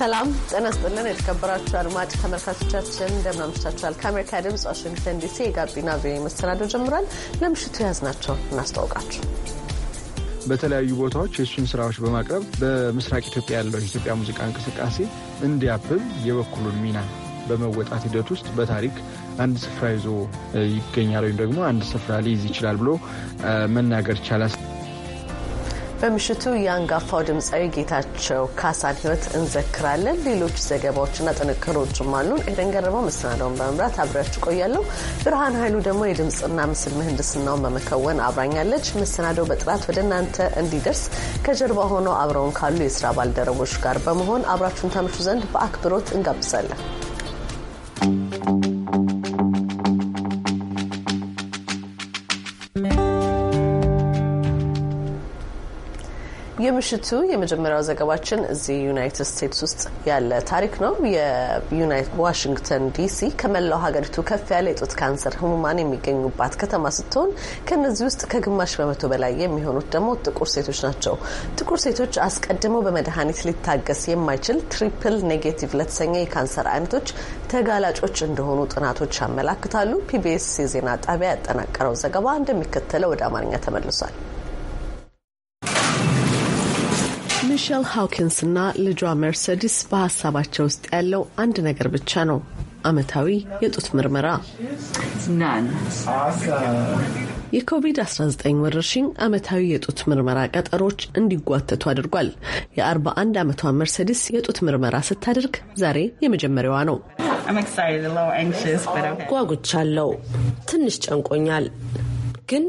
ሰላም ጤና ይስጥልን። የተከበራችሁ አድማጭ ተመልካቾቻችን እንደምን አምሽታችኋል? ከአሜሪካ ድምጽ ዋሽንግተን ዲሲ የጋቢና ቪ መሰናዶ ጀምሯል። ለምሽቱ የያዝናቸው እናስታውቃችሁ። በተለያዩ ቦታዎች የእሱን ስራዎች በማቅረብ በምስራቅ ኢትዮጵያ ያለው የኢትዮጵያ ሙዚቃ እንቅስቃሴ እንዲያብብ የበኩሉን ሚና በመወጣት ሂደት ውስጥ በታሪክ አንድ ስፍራ ይዞ ይገኛል ወይም ደግሞ አንድ ስፍራ ሊይዝ ይችላል ብሎ መናገር ይቻላል። በምሽቱ የአንጋፋው ድምፃዊ ጌታቸው ካሳን ህይወት እንዘክራለን። ሌሎች ዘገባዎችና ጥንቅሮችም አሉን። ኤደን ገረመው መሰናዳውን በመምራት አብሬያችሁ ቆያለሁ። ብርሃን ኃይሉ ደግሞ የድምፅና ምስል ምህንድስናውን በመከወን አብራኛለች። መሰናዳው በጥራት ወደ እናንተ እንዲደርስ ከጀርባ ሆነው አብረውን ካሉ የስራ ባልደረቦች ጋር በመሆን አብራችሁን ታምሹ ዘንድ በአክብሮት እንጋብዛለን። የምሽቱ የመጀመሪያው ዘገባችን እዚህ ዩናይትድ ስቴትስ ውስጥ ያለ ታሪክ ነው። የዋሽንግተን ዲሲ ከመላው ሀገሪቱ ከፍ ያለ የጡት ካንሰር ህሙማን የሚገኙባት ከተማ ስትሆን ከእነዚህ ውስጥ ከግማሽ በመቶ በላይ የሚሆኑት ደግሞ ጥቁር ሴቶች ናቸው። ጥቁር ሴቶች አስቀድመው በመድኃኒት ሊታገስ የማይችል ትሪፕል ኔጌቲቭ ለተሰኘ የካንሰር አይነቶች ተጋላጮች እንደሆኑ ጥናቶች ያመላክታሉ። ፒቢኤስ የዜና ጣቢያ ያጠናቀረው ዘገባ እንደሚከተለው ወደ አማርኛ ተመልሷል። ሚሼል እና ልጇ መርሴዲስ በሀሳባቸው ውስጥ ያለው አንድ ነገር ብቻ ነው፣ አመታዊ የጡት ምርመራ። የኮቪድ-19 ወረርሽኝ አመታዊ የጡት ምርመራ ቀጠሮች እንዲጓተቱ አድርጓል። የ41 ዓመቷ መርሴዲስ የጡት ምርመራ ስታደርግ ዛሬ የመጀመሪያዋ ነው። ጓጉቻለሁ፣ ትንሽ ጨንቆኛል ግን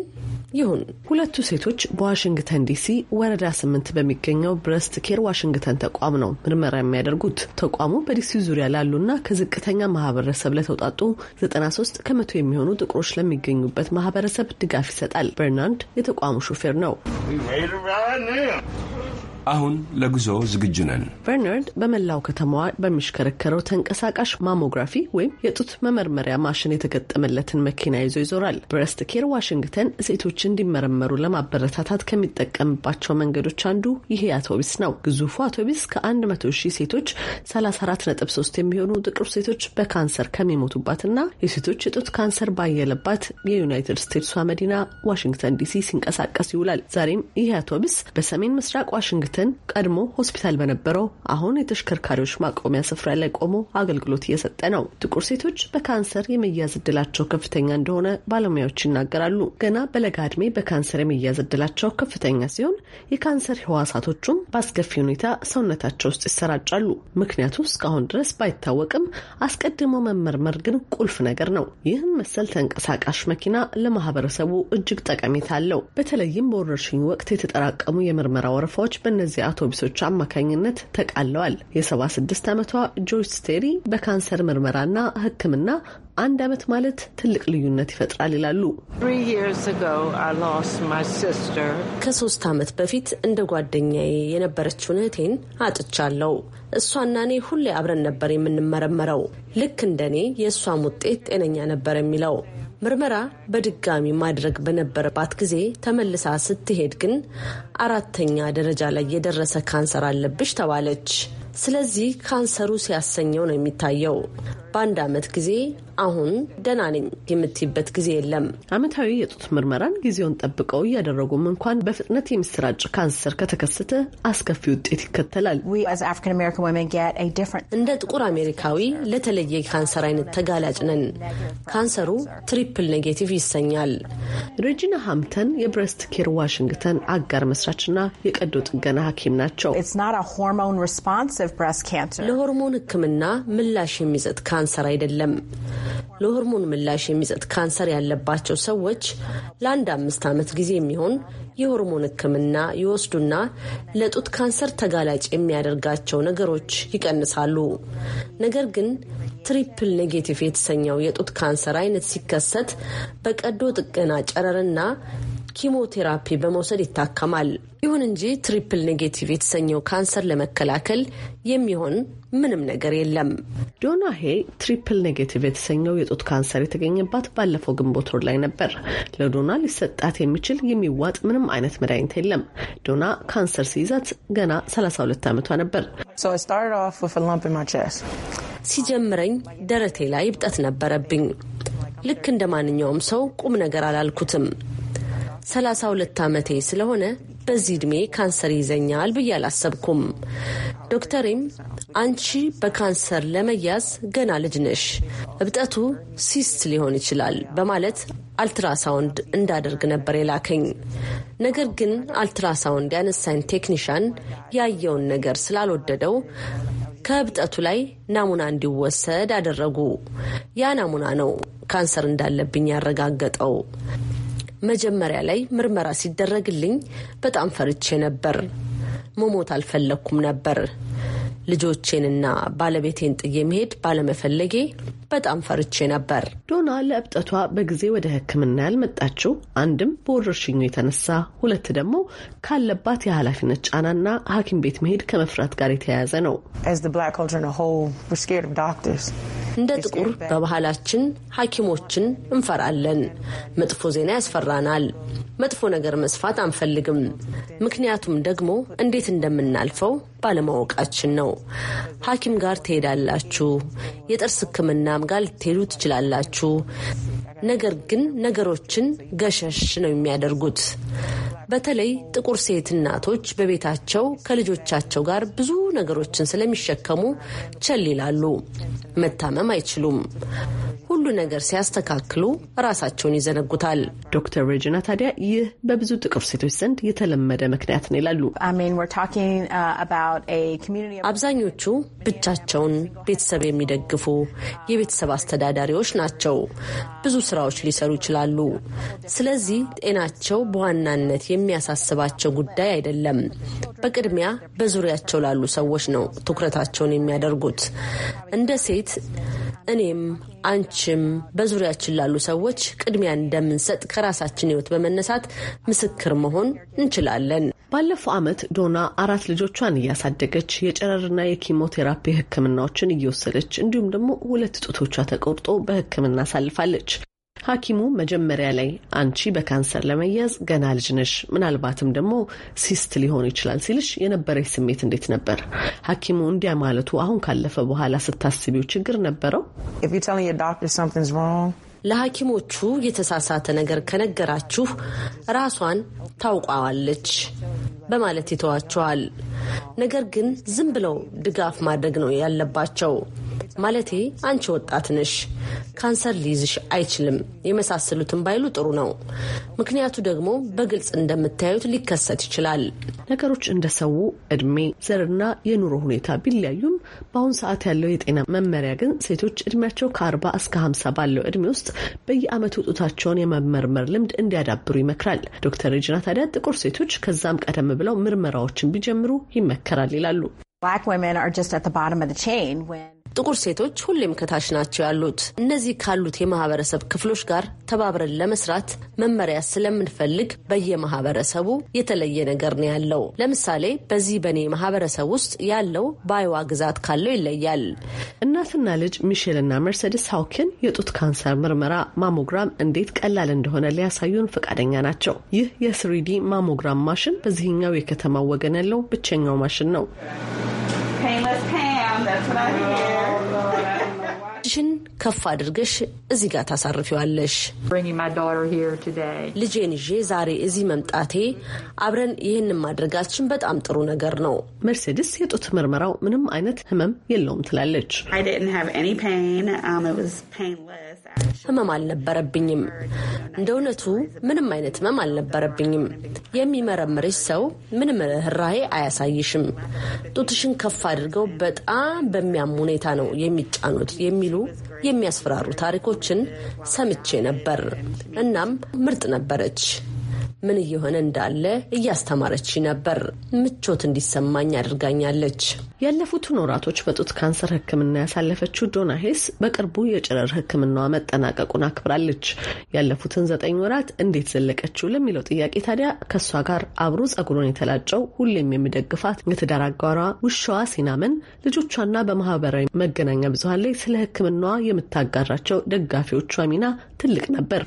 ይሁን። ሁለቱ ሴቶች በዋሽንግተን ዲሲ ወረዳ ስምንት በሚገኘው ብረስት ኬር ዋሽንግተን ተቋም ነው ምርመራ የሚያደርጉት። ተቋሙ በዲሲ ዙሪያ ላሉና ከዝቅተኛ ማህበረሰብ ለተውጣጡ 93 ከመቶ የሚሆኑ ጥቁሮች ለሚገኙበት ማህበረሰብ ድጋፍ ይሰጣል። በርናንድ የተቋሙ ሹፌር ነው። አሁን ለጉዞ ዝግጁ ነን። በርናርድ በመላው ከተማዋ በሚሽከረከረው ተንቀሳቃሽ ማሞግራፊ ወይም የጡት መመርመሪያ ማሽን የተገጠመለትን መኪና ይዞ ይዞራል። ብረስት ኬር ዋሽንግተን ሴቶች እንዲመረመሩ ለማበረታታት ከሚጠቀምባቸው መንገዶች አንዱ ይሄ አውቶቢስ ነው። ግዙፉ አውቶቢስ ከ100 ሺህ ሴቶች 34.3 የሚሆኑ ጥቁር ሴቶች በካንሰር ከሚሞቱባትና የሴቶች የጡት ካንሰር ባየለባት የዩናይትድ ስቴትሷ መዲና ዋሽንግተን ዲሲ ሲንቀሳቀስ ይውላል። ዛሬም ይህ አውቶቢስ በሰሜን ምስራቅ ዋሽንግተን ሮበርትን ቀድሞ ሆስፒታል በነበረው አሁን የተሽከርካሪዎች ማቆሚያ ስፍራ ላይ ቆሞ አገልግሎት እየሰጠ ነው። ጥቁር ሴቶች በካንሰር የመያዝ እድላቸው ከፍተኛ እንደሆነ ባለሙያዎች ይናገራሉ። ገና በለጋ ዕድሜ በካንሰር የመያዝ እድላቸው ከፍተኛ ሲሆን የካንሰር ህዋሳቶቹም በአስከፊ ሁኔታ ሰውነታቸው ውስጥ ይሰራጫሉ። ምክንያቱ እስካሁን ድረስ ባይታወቅም አስቀድሞ መመርመር ግን ቁልፍ ነገር ነው። ይህን መሰል ተንቀሳቃሽ መኪና ለማህበረሰቡ እጅግ ጠቀሜታ አለው። በተለይም በወረርሽኝ ወቅት የተጠራቀሙ የምርመራ ወረፋዎች በነ በእነዚህ አውቶቡሶች አማካኝነት ተቃለዋል። የ76 ዓመቷ ጆርጅ ስቴሪ በካንሰር ምርመራና ሕክምና አንድ ዓመት ማለት ትልቅ ልዩነት ይፈጥራል ይላሉ። ከሶስት ዓመት በፊት እንደ ጓደኛዬ የነበረችውን እህቴን አጥቻለሁ። እሷና እኔ ሁሌ አብረን ነበር የምንመረመረው። ልክ እንደ እኔ የእሷም ውጤት ጤነኛ ነበር የሚለው ምርመራ በድጋሚ ማድረግ በነበረባት ጊዜ ተመልሳ ስትሄድ ግን አራተኛ ደረጃ ላይ የደረሰ ካንሰር አለብሽ ተባለች። ስለዚህ ካንሰሩ ሲያሰኘው ነው የሚታየው። በአንድ ዓመት ጊዜ አሁን ደህና ነኝ የምትይበት ጊዜ የለም። አመታዊ የጡት ምርመራን ጊዜውን ጠብቀው እያደረጉም እንኳን በፍጥነት የሚሰራጭ ካንሰር ከተከሰተ አስከፊ ውጤት ይከተላል። እንደ ጥቁር አሜሪካዊ ለተለየ ካንሰር አይነት ተጋላጭ ነን። ካንሰሩ ትሪፕል ኔጌቲቭ ይሰኛል። ሬጂና ሃምተን የብረስት ኬር ዋሽንግተን አጋር መስራችና የቀዶ ጥገና ሐኪም ናቸው። ለሆርሞን ሕክምና ምላሽ የሚሰጥ ካንሰር አይደለም። ለሆርሞን ምላሽ የሚሰጥ ካንሰር ያለባቸው ሰዎች ለአንድ አምስት ዓመት ጊዜ የሚሆን የሆርሞን ሕክምና ይወስዱና ለጡት ካንሰር ተጋላጭ የሚያደርጋቸው ነገሮች ይቀንሳሉ። ነገር ግን ትሪፕል ኔጌቲቭ የተሰኘው የጡት ካንሰር አይነት ሲከሰት በቀዶ ጥገና ጨረርና ኪሞቴራፒ በመውሰድ ይታከማል። ይሁን እንጂ ትሪፕል ኔጌቲቭ የተሰኘው ካንሰር ለመከላከል የሚሆን ምንም ነገር የለም። ዶና ሄ ትሪፕል ኔጌቲቭ የተሰኘው የጡት ካንሰር የተገኘባት ባለፈው ግንቦት ወር ላይ ነበር። ለዶና ሊሰጣት የሚችል የሚዋጥ ምንም አይነት መድኃኒት የለም። ዶና ካንሰር ሲይዛት ገና 32 ዓመቷ ነበር። ሲጀምረኝ ደረቴ ላይ እብጠት ነበረብኝ። ልክ እንደ ማንኛውም ሰው ቁም ነገር አላልኩትም። ሰላሳ ሁለት ዓመቴ ስለሆነ በዚህ እድሜ ካንሰር ይዘኛል ብዬ አላሰብኩም። ዶክተሬም አንቺ በካንሰር ለመያዝ ገና ልጅ ነሽ፣ እብጠቱ ሲስት ሊሆን ይችላል በማለት አልትራሳውንድ እንዳደርግ ነበር የላከኝ። ነገር ግን አልትራሳውንድ ያነሳኝ ቴክኒሻን ያየውን ነገር ስላልወደደው ከእብጠቱ ላይ ናሙና እንዲወሰድ አደረጉ። ያ ናሙና ነው ካንሰር እንዳለብኝ ያረጋገጠው። መጀመሪያ ላይ ምርመራ ሲደረግልኝ በጣም ፈርቼ ነበር። መሞት አልፈለግኩም ነበር። ልጆቼንና ባለቤቴን ጥዬ መሄድ ባለመፈለጌ በጣም ፈርቼ ነበር። ዶና ለእብጠቷ በጊዜ ወደ ሕክምና ያልመጣችው አንድም በወረርሽኙ የተነሳ ሁለት ደግሞ ካለባት የኃላፊነት ጫናና ሐኪም ቤት መሄድ ከመፍራት ጋር የተያያዘ ነው። እንደ ጥቁር በባህላችን ሐኪሞችን እንፈራለን። መጥፎ ዜና ያስፈራናል። መጥፎ ነገር መስፋት አንፈልግም። ምክንያቱም ደግሞ እንዴት እንደምናልፈው ባለማወቃችን ነው። ሐኪም ጋር ትሄዳላችሁ፣ የጥርስ ሕክምናም ጋር ልትሄዱ ትችላላችሁ። ነገር ግን ነገሮችን ገሸሽ ነው የሚያደርጉት። በተለይ ጥቁር ሴት እናቶች በቤታቸው ከልጆቻቸው ጋር ብዙ ነገሮችን ስለሚሸከሙ ቸል ይላሉ። መታመም አይችሉም። ሁሉ ነገር ሲያስተካክሉ ራሳቸውን ይዘነጉታል። ዶክተር ሬጂና ታዲያ ይህ በብዙ ጥቁር ሴቶች ዘንድ የተለመደ ምክንያት ነው ይላሉ። uh, አብዛኞቹ ብቻቸውን ቤተሰብ የሚደግፉ የቤተሰብ አስተዳዳሪዎች ናቸው። ብዙ ስራዎች ሊሰሩ ይችላሉ። ስለዚህ ጤናቸው በዋናነት የሚያሳስባቸው ጉዳይ አይደለም። በቅድሚያ በዙሪያቸው ላሉ ሰዎች ነው ትኩረታቸውን የሚያደርጉት። እንደ ሴት እኔም አንቺ ለሌሎችም በዙሪያችን ላሉ ሰዎች ቅድሚያ እንደምንሰጥ ከራሳችን ህይወት በመነሳት ምስክር መሆን እንችላለን። ባለፈው ዓመት ዶና አራት ልጆቿን እያሳደገች የጨረርና የኪሞቴራፒ ህክምናዎችን እየወሰደች እንዲሁም ደግሞ ሁለት ጡቶቿ ተቆርጦ በህክምና አሳልፋለች። ሐኪሙ መጀመሪያ ላይ አንቺ በካንሰር ለመያዝ ገና ልጅ ነሽ፣ ምናልባትም ደግሞ ሲስት ሊሆን ይችላል ሲልሽ የነበረች ስሜት እንዴት ነበር? ሐኪሙ እንዲያ ማለቱ አሁን ካለፈ በኋላ ስታስቢው ችግር ነበረው? ለሐኪሞቹ የተሳሳተ ነገር ከነገራችሁ ራሷን ታውቋዋለች በማለት ይተዋችኋል። ነገር ግን ዝም ብለው ድጋፍ ማድረግ ነው ያለባቸው። ማለቴ አንቺ ወጣት ነሽ፣ ካንሰር ሊይዝሽ አይችልም የመሳሰሉትን ባይሉ ጥሩ ነው። ምክንያቱ ደግሞ በግልጽ እንደምታዩት ሊከሰት ይችላል። ነገሮች እንደ ሰው እድሜ፣ ዘርና የኑሮ ሁኔታ ቢለያዩም በአሁኑ ሰዓት ያለው የጤና መመሪያ ግን ሴቶች እድሜያቸው ከአርባ እስከ ሀምሳ ባለው እድሜ ውስጥ በየአመቱ ጡታቸውን የመመርመር ልምድ እንዲያዳብሩ ይመክራል። ዶክተር ሬጅና ታዲያ ጥቁር ሴቶች ከዛም ቀደም ብለው ምርመራዎችን ቢጀምሩ ይመከራል ይላሉ። ጥቁር ሴቶች ሁሌም ከታች ናቸው ያሉት። እነዚህ ካሉት የማህበረሰብ ክፍሎች ጋር ተባብረን ለመስራት መመሪያ ስለምንፈልግ በየማህበረሰቡ የተለየ ነገር ነው ያለው። ለምሳሌ በዚህ በእኔ ማህበረሰብ ውስጥ ያለው ባይዋ ግዛት ካለው ይለያል። እናትና ልጅ ሚሼልና መርሴዲስ ሀውኪን የጡት ካንሰር ምርመራ ማሞግራም እንዴት ቀላል እንደሆነ ሊያሳዩን ፈቃደኛ ናቸው። ይህ የስሪዲ ማሞግራም ማሽን በዚህኛው የከተማ ወገን ያለው ብቸኛው ማሽን ነው። Painless Pam, that's what I hear. Oh, ከፍ አድርገሽ እዚህ ጋር ታሳርፊዋለሽ። ልጄን ይዤ ዛሬ እዚህ መምጣቴ አብረን ይህንን ማድረጋችን በጣም ጥሩ ነገር ነው። መርሴድስ የጡት ምርመራው ምንም አይነት ህመም የለውም ትላለች። um, ህመም አልነበረብኝም። እንደ እውነቱ ምንም አይነት ህመም አልነበረብኝም። የሚመረምርሽ ሰው ምንም ርኅራሄ አያሳይሽም። ጡትሽን ከፍ አድርገው በጣም በሚያም ሁኔታ ነው የሚጫኑት የሚሉ የሚያስፈራሩ ታሪኮችን ሰምቼ ነበር። እናም ምርጥ ነበረች። ምን እየሆነ እንዳለ እያስተማረች ነበር። ምቾት እንዲሰማኝ አድርጋኛለች። ያለፉትን ወራቶች በጡት ካንሰር ሕክምና ያሳለፈችው ዶና ሄስ በቅርቡ የጨረር ሕክምናዋ መጠናቀቁን አክብራለች። ያለፉትን ዘጠኝ ወራት እንዴት ዘለቀችው ለሚለው ጥያቄ ታዲያ ከእሷ ጋር አብሮ ጸጉሩን የተላጨው ሁሌም የሚደግፋት የትዳር አጋሯ ውሻዋ ሲናመን፣ ልጆቿና በማህበራዊ መገናኛ ብዙሀን ላይ ስለ ሕክምናዋ የምታጋራቸው ደጋፊዎቿ ሚና ትልቅ ነበር።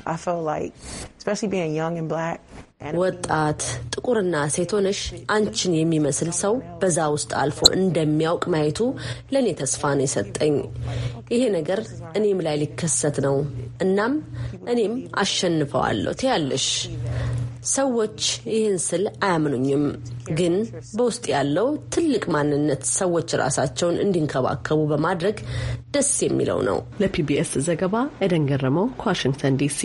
ወጣት ጥቁርና ሴት ሆነሽ አንቺን የሚመስል ሰው በዛ ውስጥ አልፎ እንደሚያውቅ ማየቱ ለእኔ ተስፋ ነው የሰጠኝ። ይሄ ነገር እኔም ላይ ሊከሰት ነው። እናም እኔም አሸንፈዋለሁ ትያለሽ። ሰዎች ይህን ስል አያምኑኝም፣ ግን በውስጥ ያለው ትልቅ ማንነት ሰዎች ራሳቸውን እንዲንከባከቡ በማድረግ ደስ የሚለው ነው። ለፒቢኤስ ዘገባ ኤደን ገረመው ከዋሽንግተን ዲሲ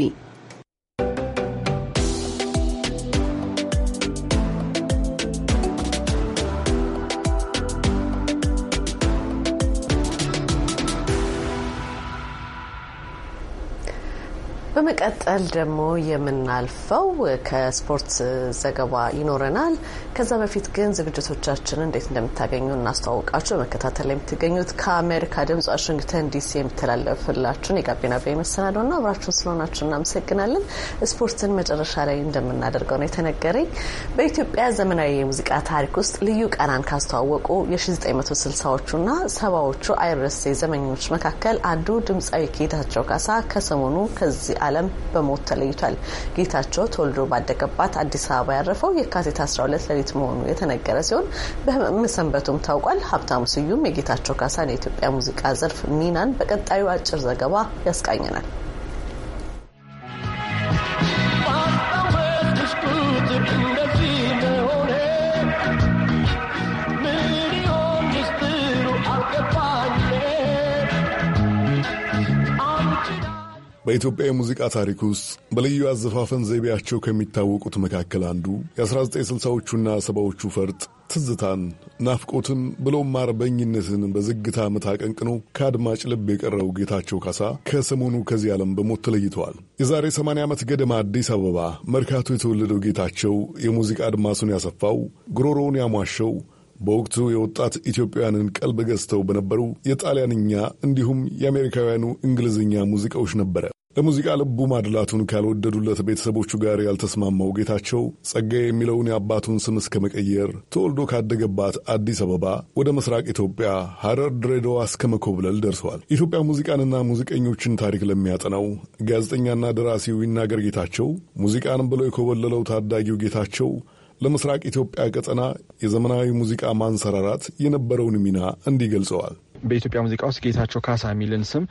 at በመቀጠል ደግሞ የምናልፈው ከስፖርት ዘገባ ይኖረናል። ከዛ በፊት ግን ዝግጅቶቻችን እንዴት እንደምታገኙ እናስተዋውቃችሁ። በመከታተል የምትገኙት ከአሜሪካ ድምጽ ዋሽንግተን ዲሲ የሚተላለፍላችሁን የጋቢና ቤ መሰናዶ ና አብራችሁን ስለሆናችሁ እናመሰግናለን። ስፖርትን መጨረሻ ላይ እንደምናደርገው ነው የተነገረኝ። በኢትዮጵያ ዘመናዊ የሙዚቃ ታሪክ ውስጥ ልዩ ቀናን ካስተዋወቁ የ1960ዎቹ ና ሰባዎቹ አይረሴ ዘመኞች መካከል አንዱ ድምፃዊ ጌታቸው ካሳ ከሰሞኑ ከዚህ ዓለም በሞት ተለይቷል። ጌታቸው ተወልዶ ባደገባት አዲስ አበባ ያረፈው የካቲት 12 ሌሊት መሆኑ የተነገረ ሲሆን በመሰንበቱም ታውቋል። ሀብታሙ ስዩም የጌታቸው ካሳን የኢትዮጵያ ሙዚቃ ዘርፍ ሚናን በቀጣዩ አጭር ዘገባ ያስቃኘናል። በኢትዮጵያ የሙዚቃ ታሪክ ውስጥ በልዩ አዘፋፈን ዘይቤያቸው ከሚታወቁት መካከል አንዱ የ1960ዎቹና ሰባዎቹ ፈርጥ ትዝታን፣ ናፍቆትን ብሎም አርበኝነትን በዝግታ ምት አቀንቅኖ ከአድማጭ ልብ የቀረው ጌታቸው ካሳ ከሰሞኑ ከዚህ ዓለም በሞት ተለይተዋል። የዛሬ 80 ዓመት ገደማ አዲስ አበባ መርካቶ የተወለደው ጌታቸው የሙዚቃ አድማሱን ያሰፋው፣ ጉሮሮውን ያሟሸው በወቅቱ የወጣት ኢትዮጵያውያንን ቀልብ ገዝተው በነበሩ የጣሊያንኛ እንዲሁም የአሜሪካውያኑ እንግሊዝኛ ሙዚቃዎች ነበረ። ለሙዚቃ ልቡ ማድላቱን ካልወደዱለት ቤተሰቦቹ ጋር ያልተስማማው ጌታቸው ጸጋ የሚለውን የአባቱን ስም እስከ መቀየር ተወልዶ ካደገባት አዲስ አበባ ወደ ምስራቅ ኢትዮጵያ ሐረር፣ ድሬዳዋ እስከ መኮብለል ደርሰዋል። ኢትዮጵያ ሙዚቃንና ሙዚቀኞችን ታሪክ ለሚያጠናው ጋዜጠኛና ደራሲው ይናገር ጌታቸው ሙዚቃን ብሎ የኮበለለው ታዳጊው ጌታቸው ለምስራቅ ኢትዮጵያ ቀጠና የዘመናዊ ሙዚቃ ማንሰራራት የነበረውን ሚና እንዲህ ገልጸዋል። በኢትዮጵያ ሙዚቃ ውስጥ ጌታቸው ካሳ የሚልን ስም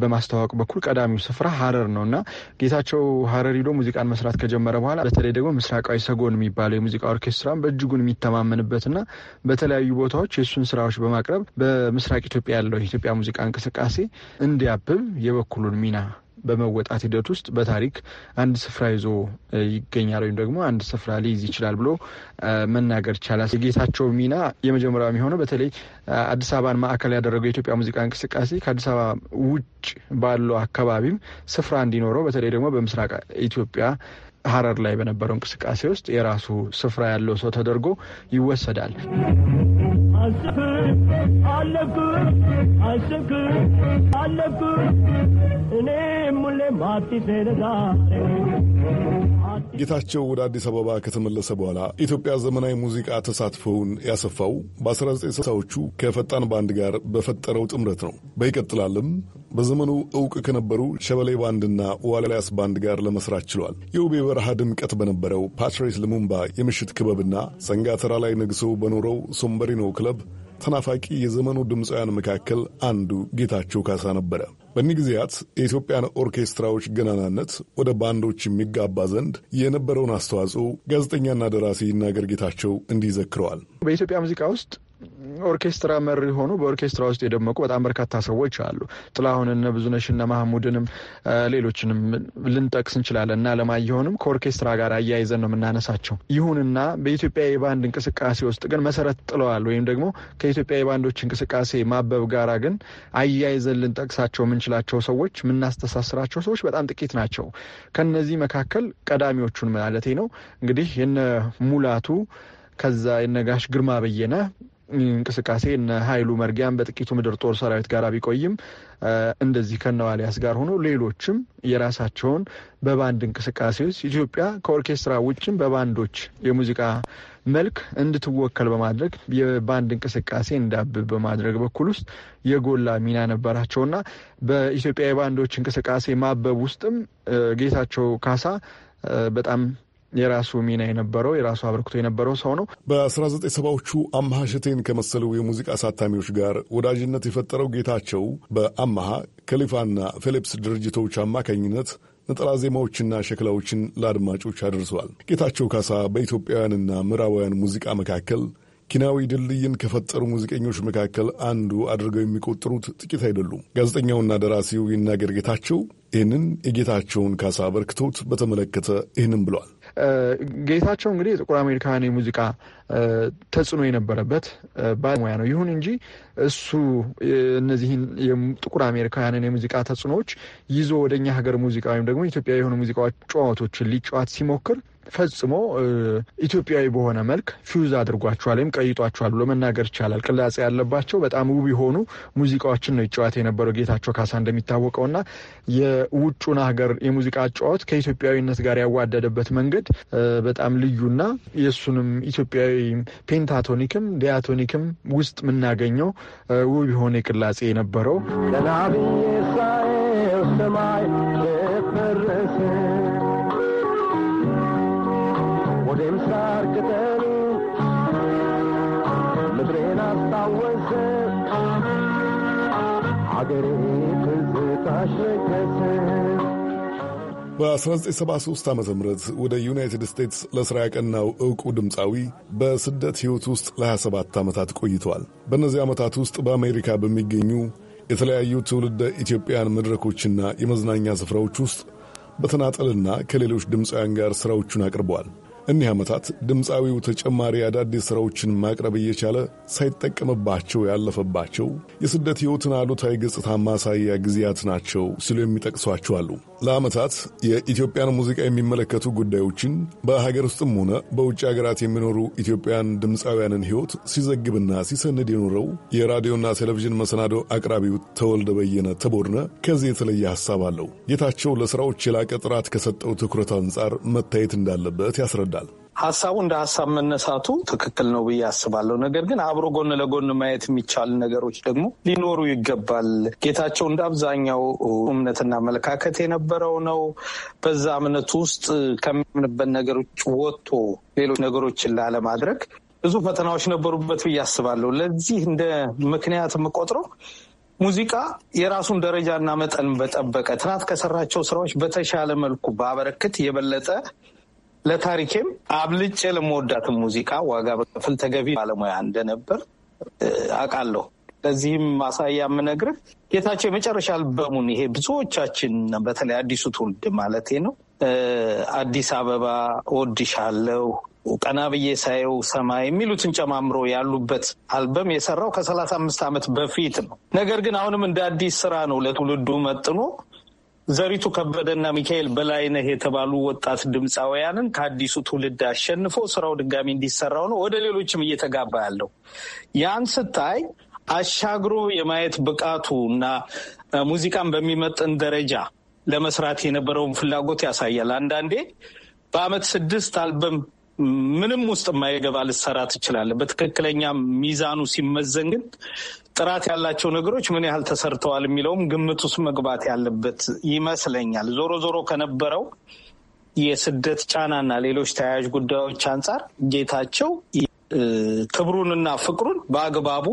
በማስተዋወቅ በኩል ቀዳሚው ስፍራ ሀረር ነው እና ጌታቸው ሀረር ሂዶ ሙዚቃን መስራት ከጀመረ በኋላ በተለይ ደግሞ ምስራቃዊ ሰጎን የሚባለው የሙዚቃ ኦርኬስትራን በእጅጉን እና በተለያዩ ቦታዎች የእሱን ስራዎች በማቅረብ በምስራቅ ኢትዮጵያ ያለው የኢትዮጵያ ሙዚቃ እንቅስቃሴ እንዲያብብ የበኩሉን ሚና በመወጣት ሂደት ውስጥ በታሪክ አንድ ስፍራ ይዞ ይገኛል ወይም ደግሞ አንድ ስፍራ ሊይዝ ይችላል ብሎ መናገር ይቻላል። የጌታቸው ሚና የመጀመሪያ የሚሆነው በተለይ አዲስ አበባን ማዕከል ያደረገው የኢትዮጵያ ሙዚቃ እንቅስቃሴ ከአዲስ አበባ ውጭ ባለው አካባቢም ስፍራ እንዲኖረው በተለይ ደግሞ በምስራቅ ኢትዮጵያ ሀረር ላይ በነበረው እንቅስቃሴ ውስጥ የራሱ ስፍራ ያለው ሰው ተደርጎ ይወሰዳል። አለፍኩ አለፍኩ አለፍኩ ጌታቸው ወደ አዲስ አበባ ከተመለሰ በኋላ ኢትዮጵያ ዘመናዊ ሙዚቃ ተሳትፎውን ያሰፋው በ1960ዎቹ ከፈጣን ባንድ ጋር በፈጠረው ጥምረት ነው። በይቀጥላልም በዘመኑ እውቅ ከነበሩ ሸበሌ ባንድና ዋልያስ ባንድ ጋር ለመስራት ችሏል። የውቤ በረሃ ድምቀት በነበረው ፓትሪስ ልሙምባ የምሽት ክበብና ሰንጋተራ ላይ ነግሶ በኖረው ሶምበሪኖ ክለብ ተናፋቂ የዘመኑ ድምፃውያን መካከል አንዱ ጌታቸው ካሳ ነበረ። በእኒህ ጊዜያት የኢትዮጵያን ኦርኬስትራዎች ገናናነት ወደ ባንዶች የሚጋባ ዘንድ የነበረውን አስተዋጽኦ ጋዜጠኛና ደራሲ ይናገር ጌታቸው እንዲህ በኢትዮጵያ ሙዚቃ ውስጥ ኦርኬስትራ መሪ ሆኑ በኦርኬስትራ ውስጥ የደመቁ በጣም በርካታ ሰዎች አሉ። ጥላሁንን፣ ብዙነሽና ማህሙድንም ሌሎችንም ልንጠቅስ እንችላለን እና ለማየሆንም ከኦርኬስትራ ጋር አያይዘን ነው የምናነሳቸው። ይሁንና በኢትዮጵያ የባንድ እንቅስቃሴ ውስጥ ግን መሰረት ጥለዋል ወይም ደግሞ ከኢትዮጵያ የባንዶች እንቅስቃሴ ማበብ ጋር ግን አያይዘን ልንጠቅሳቸው የምንችላቸው ሰዎች የምናስተሳስራቸው ሰዎች በጣም ጥቂት ናቸው። ከነዚህ መካከል ቀዳሚዎቹን ማለቴ ነው እንግዲህ የነ ሙላቱ ከዛ የነጋሽ ግርማ በየነ እንቅስቃሴ እነ ሀይሉ መርጊያን በጥቂቱ ምድር ጦር ሰራዊት ጋር ቢቆይም እንደዚህ ከነዋሊያስ ጋር ሆኖ ሌሎችም የራሳቸውን በባንድ እንቅስቃሴ ውስጥ ኢትዮጵያ ከኦርኬስትራ ውጭም በባንዶች የሙዚቃ መልክ እንድትወከል በማድረግ የባንድ እንቅስቃሴ እንዳብብ በማድረግ በኩል ውስጥ የጎላ ሚና ነበራቸውና በኢትዮጵያ የባንዶች እንቅስቃሴ ማበብ ውስጥም ጌታቸው ካሳ በጣም የራሱ ሚና የነበረው የራሱ አበርክቶ የነበረው ሰው ነው። በ1970ዎቹ አምሃ ሸቴን ከመሰሉ የሙዚቃ አሳታሚዎች ጋር ወዳጅነት የፈጠረው ጌታቸው በአምሃ ከሊፋና ፊሊፕስ ድርጅቶች አማካኝነት ነጠላ ዜማዎችና ሸክላዎችን ለአድማጮች አድርሰዋል። ጌታቸው ካሳ በኢትዮጵያውያንና ምዕራባውያን ሙዚቃ መካከል ኪናዊ ድልድይን ከፈጠሩ ሙዚቀኞች መካከል አንዱ አድርገው የሚቆጥሩት ጥቂት አይደሉም። ጋዜጠኛውና ደራሲው ይናገር ጌታቸው ይህንን የጌታቸውን ካሳ አበርክቶት በተመለከተ ይህንም ብለዋል። ጌታቸው እንግዲህ የጥቁር አሜሪካውያን የሙዚቃ ተጽዕኖ የነበረበት ባለሙያ ነው። ይሁን እንጂ እሱ እነዚህን ጥቁር አሜሪካውያንን የሙዚቃ ተጽዕኖዎች ይዞ ወደኛ ሀገር ሙዚቃ ወይም ደግሞ ኢትዮጵያ የሆኑ ሙዚቃዎች ጨዋቶችን ሊጫዋት ሲሞክር ፈጽሞ ኢትዮጵያዊ በሆነ መልክ ፊውዝ አድርጓቸዋል ወይም ቀይጧቸዋል ብሎ መናገር ይቻላል። ቅላጼ ያለባቸው በጣም ውብ የሆኑ ሙዚቃዎችን ነው ይጫወት የነበረው ጌታቸው ካሳ እንደሚታወቀው እንደሚታወቀውና የውጩን ሀገር የሙዚቃ አጫዋት ከኢትዮጵያዊነት ጋር ያዋደደበት መንገድ በጣም ልዩና የእሱንም ኢትዮጵያዊ ፔንታቶኒክም ዲያቶኒክም ውስጥ የምናገኘው ውብ የሆነ ቅላጼ የነበረው ታወሰ ትዝታሽ ነገሰ። በ1973 ዓ ም ወደ ዩናይትድ ስቴትስ ለሥራ ያቀናው ዕውቁ ድምፃዊ በስደት ሕይወት ውስጥ ለ27 ዓመታት ቆይተዋል። በእነዚህ ዓመታት ውስጥ በአሜሪካ በሚገኙ የተለያዩ ትውልደ ኢትዮጵያን መድረኮችና የመዝናኛ ስፍራዎች ውስጥ በተናጠልና ከሌሎች ድምፃውያን ጋር ሥራዎቹን አቅርበዋል። እኒህ ዓመታት ድምፃዊው ተጨማሪ አዳዲስ ሥራዎችን ማቅረብ እየቻለ ሳይጠቀምባቸው ያለፈባቸው የስደት ሕይወትን አሉታዊ ገጽታ ማሳያ ጊዜያት ናቸው ሲሉ የሚጠቅሷቸው አሉ። ለዓመታት የኢትዮጵያን ሙዚቃ የሚመለከቱ ጉዳዮችን በሀገር ውስጥም ሆነ በውጭ ሀገራት የሚኖሩ ኢትዮጵያን ድምፃውያንን ሕይወት ሲዘግብና ሲሰንድ የኖረው የራዲዮና ቴሌቪዥን መሰናዶ አቅራቢው ተወልደ በየነ ተቦድነ ከዚህ የተለየ ሐሳብ አለው። ጌታቸው ለሥራዎች የላቀ ጥራት ከሰጠው ትኩረት አንጻር መታየት እንዳለበት ያስረዳል። ይላል። ሀሳቡ እንደ ሀሳብ መነሳቱ ትክክል ነው ብዬ አስባለሁ። ነገር ግን አብሮ ጎን ለጎን ማየት የሚቻል ነገሮች ደግሞ ሊኖሩ ይገባል። ጌታቸው እንደ አብዛኛው እምነትና አመለካከት የነበረው ነው። በዛ እምነት ውስጥ ከሚያምንበት ነገሮች ወጥቶ ሌሎች ነገሮችን ላለማድረግ ብዙ ፈተናዎች ነበሩበት ብዬ አስባለሁ። ለዚህ እንደ ምክንያት የምቆጥረው ሙዚቃ የራሱን ደረጃና መጠን በጠበቀ ትናንት ከሰራቸው ስራዎች በተሻለ መልኩ ባበረክት የበለጠ ለታሪኬም አብልጬ ለመወዳትን ሙዚቃ ዋጋ በከፍል ተገቢ ባለሙያ እንደነበር አውቃለሁ። ለዚህም ማሳያ የምነግርህ ጌታቸው የመጨረሻ አልበሙን ይሄ ብዙዎቻችን በተለይ አዲሱ ትውልድ ማለቴ ነው አዲስ አበባ እወድሻለሁ ቀና ብዬ ሳየው ሰማይ የሚሉትን ጨማምሮ ያሉበት አልበም የሰራው ከሰላሳ አምስት ዓመት በፊት ነው። ነገር ግን አሁንም እንደ አዲስ ስራ ነው ለትውልዱ መጥኖ ዘሪቱ ከበደና ሚካኤል በላይነህ የተባሉ ወጣት ድምፃውያንን ከአዲሱ ትውልድ አሸንፎ ስራው ድጋሚ እንዲሰራው ነው ወደ ሌሎችም እየተጋባ ያለው። ያን ስታይ አሻግሮ የማየት ብቃቱ እና ሙዚቃን በሚመጥን ደረጃ ለመስራት የነበረውን ፍላጎት ያሳያል። አንዳንዴ በአመት ስድስት አልበም ምንም ውስጥ የማይገባ ልሰራ ትችላለህ። በትክክለኛ ሚዛኑ ሲመዘን ግን ጥራት ያላቸው ነገሮች ምን ያህል ተሰርተዋል የሚለውም ግምት ውስጥ መግባት ያለበት ይመስለኛል። ዞሮ ዞሮ ከነበረው የስደት ጫናና ሌሎች ተያያዥ ጉዳዮች አንጻር ጌታቸው ክብሩንና ፍቅሩን በአግባቡ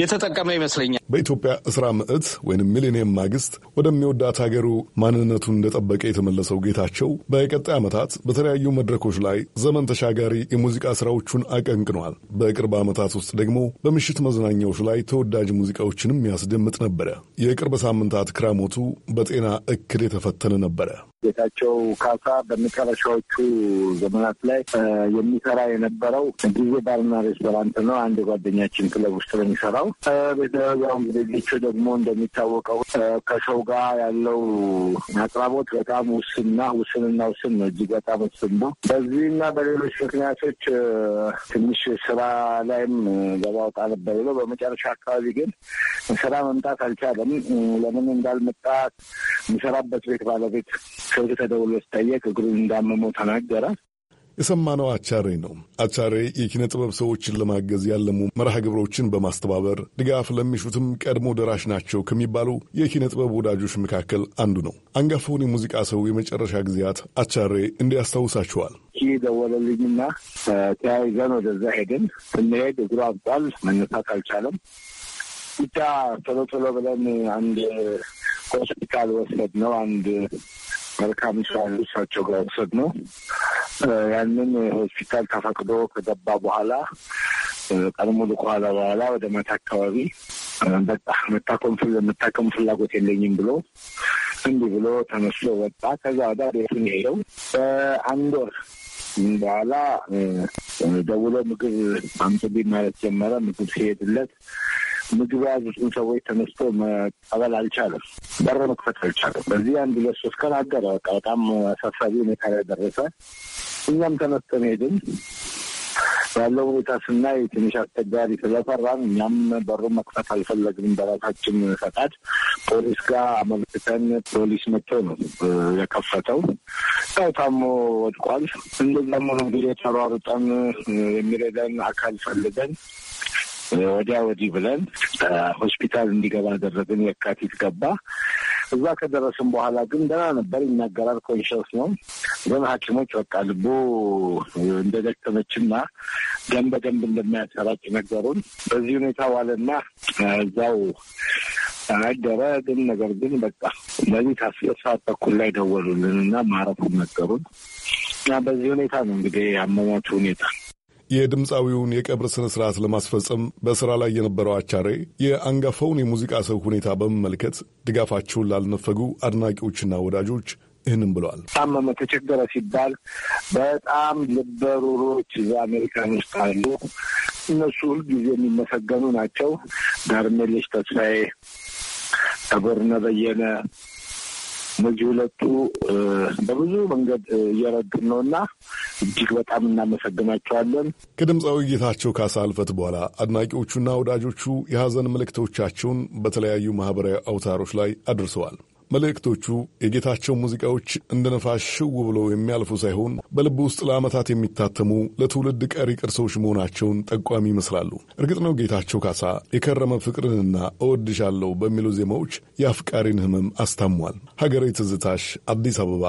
የተጠቀመ ይመስለኛል። በኢትዮጵያ እስራ ምዕት ወይም ሚሊኒየም ማግስት ወደሚወዳት ሀገሩ ማንነቱን እንደጠበቀ የተመለሰው ጌታቸው በቀጣይ ዓመታት በተለያዩ መድረኮች ላይ ዘመን ተሻጋሪ የሙዚቃ ስራዎቹን አቀንቅኗል። በቅርብ ዓመታት ውስጥ ደግሞ በምሽት መዝናኛዎች ላይ ተወዳጅ ሙዚቃዎችንም ያስደምጥ ነበረ። የቅርብ ሳምንታት ክራሞቱ በጤና እክል የተፈተነ ነበረ። ጌታቸው ካሳ በመጨረሻዎቹ ዘመናት ላይ የሚሰራ የነበረው ጊዜ ባርና ሬስቶራንት ነው። አንድ ጓደኛችን ክለብ ውስጥ ነው የሚሰራው። ያው ጌቾ ደግሞ እንደሚታወቀው ከሰው ጋር ያለው አቅራቦት በጣም ውስንና ውስንና ውስን ነው። እጅግ በጣም ውስን ነው። በዚህ እና በሌሎች ምክንያቶች ትንሽ ስራ ላይም ለማውጣ ነበር ብሎ በመጨረሻ አካባቢ ግን ስራ መምጣት አልቻለም። ለምን እንዳልመጣ የሚሰራበት ቤት ባለቤት ክብር ተደውሎ ሲጠየቅ እግሩ እንዳመመው ተናገረ። የሰማነው አቻሬ ነው። አቻሬ የኪነ ጥበብ ሰዎችን ለማገዝ ያለሙ መርሃ ግብሮችን በማስተባበር ድጋፍ ለሚሹትም ቀድሞ ደራሽ ናቸው ከሚባሉ የኪነ ጥበብ ወዳጆች መካከል አንዱ ነው። አንጋፋውን የሙዚቃ ሰው የመጨረሻ ጊዜያት አቻሬ እንዲያስታውሳቸዋል ይህ ደወለልኝና ተያይዘን ወደዛ ሄድን። ስንሄድ እግሩ አብጧል፣ መነሳት አልቻለም። ብቻ ቶሎ ቶሎ ብለን አንድ ሆስፒታል ወሰድ ነው አንድ መልካም ይስራሉ እሳቸው ጋር ወሰድ ነው። ያንን ሆስፒታል ተፈቅዶ ከገባ በኋላ ቀድሞ ከኋላ በኋላ ወደ መት አካባቢ በቃ መታከም ፍላጎት የለኝም ብሎ እንዲህ ብሎ ተመስሎ ወጣ። ከዛ ወዳ ቤቱን ሄደው በአንድ ወር በኋላ ደውሎ ምግብ አምጡልኝ ማለት ጀመረ። ምግብ ሲሄድለት ምግብ የያዙትን ሰዎች ተነስቶ መቀበል አልቻለም። በር መክፈት አልቻለም። በዚህ አንድ ሁለት ሶስት ቀን አገረ በቃ በጣም አሳሳቢ ሁኔታ ላይ ደረሰ። እኛም ተነስተን ሄድን። ያለው ሁኔታ ስናይ ትንሽ አስቸጋሪ ስለፈራን እኛም በሩ መክፈት አልፈለግም። በራሳችን ፈቃድ ፖሊስ ጋር አመልክተን ፖሊስ መጥቶ ነው የከፈተው። ያው ታሞ ወድቋል። እንደዛም ሆኖ እንግዲህ ተሯሩጠን የሚረዳን አካል ፈልገን ወዲያ ወዲህ ብለን ሆስፒታል እንዲገባ አደረግን። የካቲት ገባ። እዛ ከደረስን በኋላ ግን ደህና ነበር፣ ይናገራል፣ ኮንሽስ ነው። ግን ሐኪሞች በቃ ልቡ እንደደከመችና ደም በደንብ እንደሚያሰራጭ ነገሩን። በዚህ ሁኔታ ዋለና እዛው አደረ። ግን ነገር ግን በቃ ለዚህ አስር ሰዓት ተኩል ላይ ደወሉልን እና ማረፉን ነገሩን እና በዚህ ሁኔታ ነው እንግዲህ አመሟቹ ሁኔታ የድምፃዊውን የቀብር ስነ ስርዓት ለማስፈጸም በስራ ላይ የነበረው አቻሬ የአንጋፋውን የሙዚቃ ሰው ሁኔታ በመመልከት ድጋፋቸውን ላልነፈጉ አድናቂዎችና ወዳጆች ይህንም ብለዋል። ታመመ፣ ተቸገረ ሲባል በጣም ልበሩሮች እዛ አሜሪካን ውስጥ አሉ። እነሱ ሁልጊዜ የሚመሰገኑ ናቸው። ዳርሜሌሽ ተስፋዬ፣ ተጎርነ በየነ እነዚህ ሁለቱ በብዙ መንገድ እየረዱን ነው እና እጅግ በጣም እናመሰግናቸዋለን። ከድምፃዊ ጌታቸው ካሳ በኋላ አድናቂዎቹና ወዳጆቹ የሐዘን ምልክቶቻቸውን በተለያዩ ማህበራዊ አውታሮች ላይ አድርሰዋል። መልእክቶቹ የጌታቸው ሙዚቃዎች እንደ ነፋስ ሽው ብለው የሚያልፉ ሳይሆን በልብ ውስጥ ለዓመታት የሚታተሙ ለትውልድ ቀሪ ቅርሶች መሆናቸውን ጠቋሚ ይመስላሉ። እርግጥ ነው ጌታቸው ካሳ የከረመ ፍቅርንና እወድሻለሁ በሚሉ ዜማዎች የአፍቃሪን ሕመም አስታሟል። ሀገሬ ትዝታሽ፣ አዲስ አበባ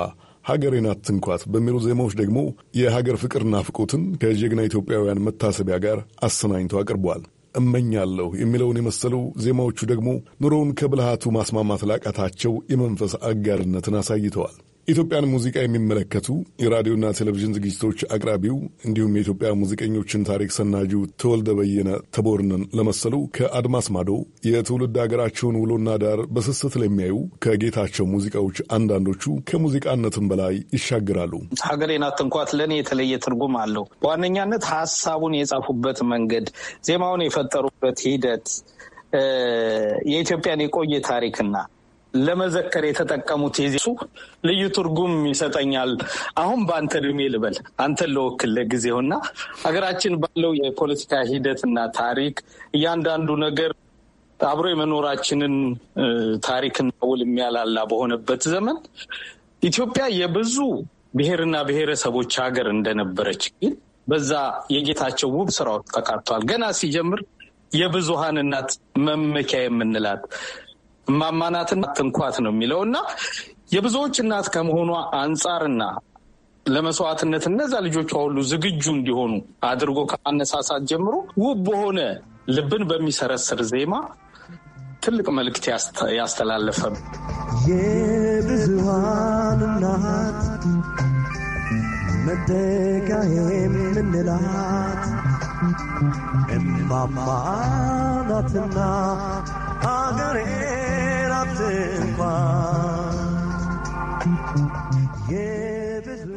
ሀገሬን አትንኳት በሚሉ ዜማዎች ደግሞ የሀገር ፍቅር ናፍቆትን ከጀግና ኢትዮጵያውያን መታሰቢያ ጋር አሰናኝቶ አቅርቧል። እመኛለሁ የሚለውን የመሰሉ ዜማዎቹ ደግሞ ኑሮውን ከብልሃቱ ማስማማት ላቃታቸው የመንፈስ አጋርነትን አሳይተዋል። ኢትዮጵያን ሙዚቃ የሚመለከቱ የራዲዮና ቴሌቪዥን ዝግጅቶች አቅራቢው እንዲሁም የኢትዮጵያ ሙዚቀኞችን ታሪክ ሰናጁ ተወልደ በየነ ተቦርነን ለመሰሉ ከአድማስ ማዶ የትውልድ ሀገራቸውን ውሎና ዳር በስስት ለሚያዩ ከጌታቸው ሙዚቃዎች አንዳንዶቹ ከሙዚቃነትም በላይ ይሻግራሉ። ሀገሬ ናት እንኳት ለእኔ የተለየ ትርጉም አለው። በዋነኛነት ሀሳቡን የጻፉበት መንገድ፣ ዜማውን የፈጠሩበት ሂደት የኢትዮጵያን የቆየ ታሪክና ለመዘከር የተጠቀሙት የዜሱ ልዩ ትርጉም ይሰጠኛል። አሁን በአንተ ድሜ ልበል አንተን ለወክል ለጊዜውና ሀገራችን ባለው የፖለቲካ ሂደትና ታሪክ እያንዳንዱ ነገር አብሮ የመኖራችንን ታሪክና ውል የሚያላላ በሆነበት ዘመን ኢትዮጵያ የብዙ ብሔርና ብሔረሰቦች ሀገር እንደነበረች ግን በዛ የጌታቸው ውብ ስራዎች ተካቷል። ገና ሲጀምር የብዙሃን እናት መመኪያ የምንላት እማማናትን አትንኳት ነው የሚለው እና የብዙዎች እናት ከመሆኗ አንጻርና ለመስዋዕትነት እነዛ ልጆቿ ሁሉ ዝግጁ እንዲሆኑ አድርጎ ከማነሳሳት ጀምሮ ውብ በሆነ ልብን በሚሰረስር ዜማ ትልቅ መልእክት ያስተላለፈ የብዙሃን እናት የምንላት እማማናትና አገሬ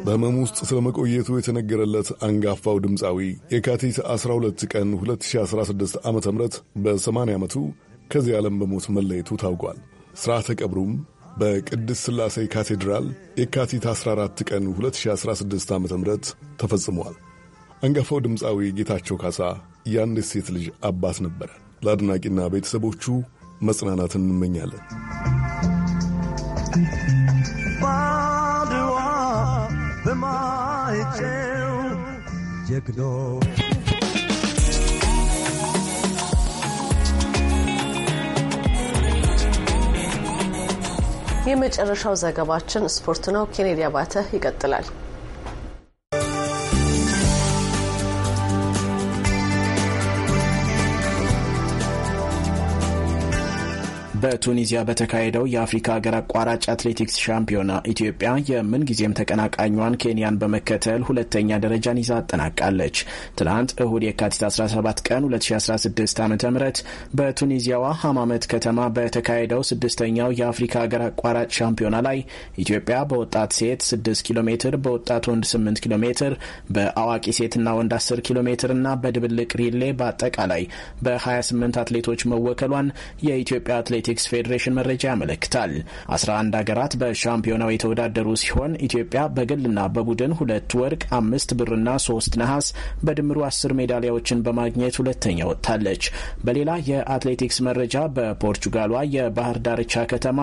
በህመም ውስጥ ስለ መቆየቱ የተነገረለት አንጋፋው ድምፃዊ የካቲት 12 ቀን 2016 ዓ ም በ80 ዓመቱ ከዚህ ዓለም በሞት መለየቱ ታውቋል። ሥርዓተ ቀብሩም በቅድስት ሥላሴ ካቴድራል የካቲት 14 ቀን 2016 ዓ ም ተፈጽሟል። አንጋፋው ድምፃዊ ጌታቸው ካሳ የአንድ ሴት ልጅ አባት ነበረ። ለአድናቂና ቤተሰቦቹ መጽናናትን እንመኛለን። የመጨረሻው ዘገባችን ስፖርት ነው። ኬኔዲ አባተ ይቀጥላል። በቱኒዚያ በተካሄደው የአፍሪካ ሀገር አቋራጭ አትሌቲክስ ሻምፒዮና ኢትዮጵያ የምንጊዜም ተቀናቃኟን ኬንያን በመከተል ሁለተኛ ደረጃን ይዛ አጠናቃለች። ትናንት እሁድ የካቲት 17 ቀን 2016 ዓ ም በቱኒዚያዋ ሀማመት ከተማ በተካሄደው ስድስተኛው የአፍሪካ ሀገር አቋራጭ ሻምፒዮና ላይ ኢትዮጵያ በወጣት ሴት 6 ኪሎ ሜትር፣ በወጣት ወንድ 8 ኪሎ ሜትር፣ በአዋቂ ሴትና ወንድ 10 ኪሎ ሜትር እና በድብልቅ ሪሌ በአጠቃላይ በ28 አትሌቶች መወከሏን የኢትዮጵያ አትሌቲክስ አትሌቲክስ ፌዴሬሽን መረጃ ያመለክታል። 11 ሀገራት በሻምፒዮናው የተወዳደሩ ሲሆን ኢትዮጵያ በግልና በቡድን ሁለት ወርቅ፣ አምስት ብርና ሶስት ነሐስ በድምሩ አስር ሜዳሊያዎችን በማግኘት ሁለተኛ ወጥታለች። በሌላ የአትሌቲክስ መረጃ በፖርቹጋሏ የባህር ዳርቻ ከተማ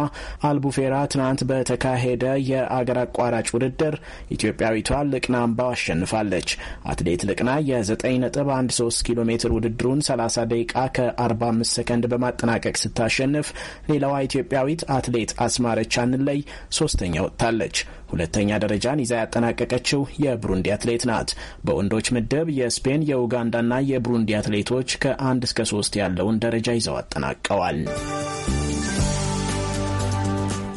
አልቡፌራ ትናንት በተካሄደ የአገር አቋራጭ ውድድር ኢትዮጵያዊቷ ልቅና አምባው አሸንፋለች። አትሌት ልቅና የ9.13 ኪሎ ሜትር ውድድሩን 30 ደቂቃ ከ45 ሰከንድ በማጠናቀቅ ስታሸንፍ ሌላዋ ኢትዮጵያዊት አትሌት አስማረች አንለይ ሶስተኛ ወጥታለች። ሁለተኛ ደረጃን ይዛ ያጠናቀቀችው የብሩንዲ አትሌት ናት። በወንዶች ምድብ የስፔን የኡጋንዳና የብሩንዲ አትሌቶች ከአንድ እስከ ሶስት ያለውን ደረጃ ይዘው አጠናቀዋል።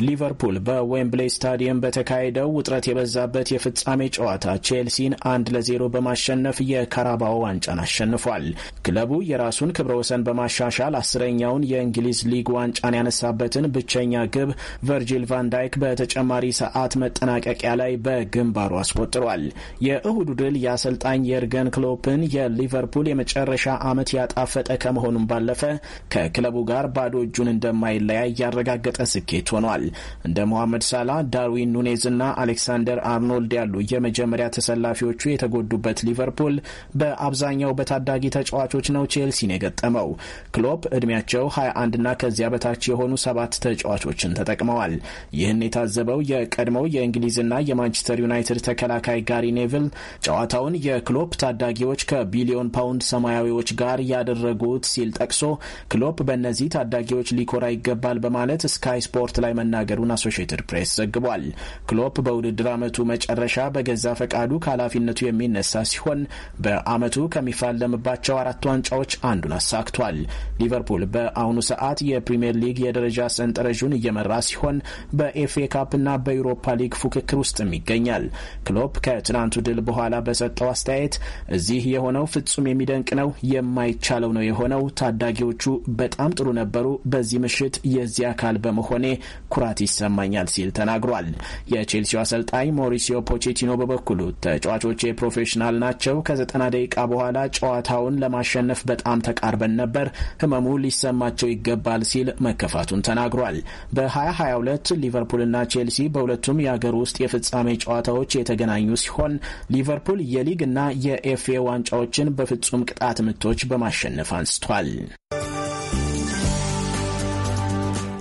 ሊቨርፑል በዌምብሌይ ስታዲየም በተካሄደው ውጥረት የበዛበት የፍጻሜ ጨዋታ ቼልሲን አንድ ለዜሮ በማሸነፍ የካራባው ዋንጫን አሸንፏል። ክለቡ የራሱን ክብረ ወሰን በማሻሻል አስረኛውን የእንግሊዝ ሊግ ዋንጫን ያነሳበትን ብቸኛ ግብ ቨርጂል ቫንዳይክ በተጨማሪ ሰዓት መጠናቀቂያ ላይ በግንባሩ አስቆጥሯል። የእሁዱ ድል የአሰልጣኝ የርገን ክሎፕን የሊቨርፑል የመጨረሻ ዓመት ያጣፈጠ ከመሆኑም ባለፈ ከክለቡ ጋር ባዶ እጁን እንደማይለያይ ያረጋገጠ ስኬት ሆኗል። እንደ ሞሐመድ ሳላ፣ ዳርዊን ኑኔዝ እና አሌክሳንደር አርኖልድ ያሉ የመጀመሪያ ተሰላፊዎቹ የተጎዱበት ሊቨርፑል በአብዛኛው በታዳጊ ተጫዋቾች ነው ቼልሲን የገጠመው። ክሎፕ እድሜያቸው 21 እና ከዚያ በታች የሆኑ ሰባት ተጫዋቾችን ተጠቅመዋል። ይህን የታዘበው የቀድሞው የእንግሊዝና የማንቸስተር ዩናይትድ ተከላካይ ጋሪ ኔቪል ጨዋታውን የክሎፕ ታዳጊዎች ከቢሊዮን ፓውንድ ሰማያዊዎች ጋር ያደረጉት ሲል ጠቅሶ ክሎፕ በእነዚህ ታዳጊዎች ሊኮራ ይገባል በማለት ስካይ ስፖርት ላይ መናገ መናገሩን አሶሽትድ ፕሬስ ዘግቧል። ክሎፕ በውድድር ዓመቱ መጨረሻ በገዛ ፈቃዱ ከኃላፊነቱ የሚነሳ ሲሆን በዓመቱ ከሚፋለምባቸው አራት ዋንጫዎች አንዱን አሳክቷል። ሊቨርፑል በአሁኑ ሰዓት የፕሪምየር ሊግ የደረጃ ሰንጠረዡን እየመራ ሲሆን በኤፍኤ ካፕና በዩሮፓ ሊግ ፉክክር ውስጥም ይገኛል። ክሎፕ ከትናንቱ ድል በኋላ በሰጠው አስተያየት እዚህ የሆነው ፍጹም የሚደንቅ ነው፣ የማይቻለው ነው የሆነው ታዳጊዎቹ በጣም ጥሩ ነበሩ። በዚህ ምሽት የዚህ አካል በመሆኔ ኩራት ይሰማኛል ሲል ተናግሯል። የቼልሲው አሰልጣኝ ሞሪሲዮ ፖቼቲኖ በበኩሉ ተጫዋቾቼ ፕሮፌሽናል ናቸው። ከዘጠና ደቂቃ በኋላ ጨዋታውን ለማሸነፍ በጣም ተቃርበን ነበር። ህመሙ ሊሰማቸው ይገባል ሲል መከፋቱን ተናግሯል። በ2022 ሊቨርፑልና ቼልሲ በሁለቱም የአገር ውስጥ የፍጻሜ ጨዋታዎች የተገናኙ ሲሆን ሊቨርፑል የሊግ እና የኤፍኤ ዋንጫዎችን በፍጹም ቅጣት ምቶች በማሸነፍ አንስቷል።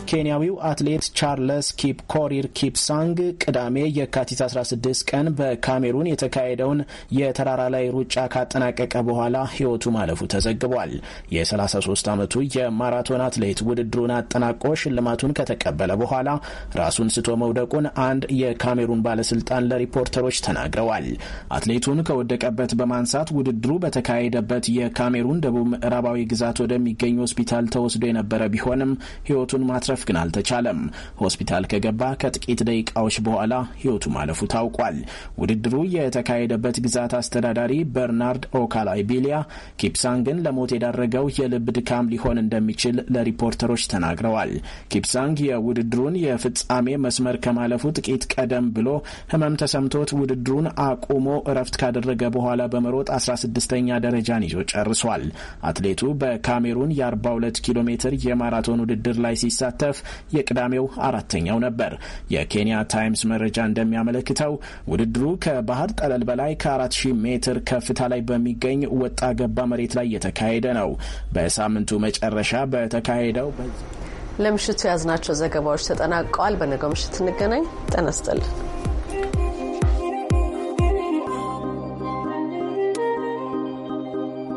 ኬንያዊው አትሌት ቻርለስ ኪፕ ኮሪር ኪፕሳንግ ቅዳሜ የካቲት 16 ቀን በካሜሩን የተካሄደውን የተራራ ላይ ሩጫ ካጠናቀቀ በኋላ ሕይወቱ ማለፉ ተዘግቧል። የ33 ዓመቱ የማራቶን አትሌት ውድድሩን አጠናቆ ሽልማቱን ከተቀበለ በኋላ ራሱን ስቶ መውደቁን አንድ የካሜሩን ባለስልጣን ለሪፖርተሮች ተናግረዋል። አትሌቱን ከወደቀበት በማንሳት ውድድሩ በተካሄደበት የካሜሩን ደቡብ ምዕራባዊ ግዛት ወደሚገኙ ሆስፒታል ተወስዶ የነበረ ቢሆንም ሕይወቱን ማትረፍ ማትረፍ ግን አልተቻለም። ሆስፒታል ከገባ ከጥቂት ደቂቃዎች በኋላ ህይወቱ ማለፉ ታውቋል። ውድድሩ የተካሄደበት ግዛት አስተዳዳሪ በርናርድ ኦካላይ ቢሊያ ኪፕሳንግን ለሞት የዳረገው የልብ ድካም ሊሆን እንደሚችል ለሪፖርተሮች ተናግረዋል። ኪፕሳንግ የውድድሩን የፍጻሜ መስመር ከማለፉ ጥቂት ቀደም ብሎ ህመም ተሰምቶት ውድድሩን አቁሞ እረፍት ካደረገ በኋላ በመሮጥ 16ኛ ደረጃን ይዞ ጨርሷል። አትሌቱ በካሜሩን የ42 ኪሎ ሜትር የማራቶን ውድድር ላይ ሲሳተፍ መሳተፍ የቅዳሜው አራተኛው ነበር። የኬንያ ታይምስ መረጃ እንደሚያመለክተው ውድድሩ ከባህር ጠለል በላይ ከ4000 ሜትር ከፍታ ላይ በሚገኝ ወጣ ገባ መሬት ላይ የተካሄደ ነው። በሳምንቱ መጨረሻ በተካሄደው ለምሽቱ የያዝናቸው ዘገባዎች ተጠናቀዋል። በነገው ምሽት እንገናኝ። ጤና ይስጥልን።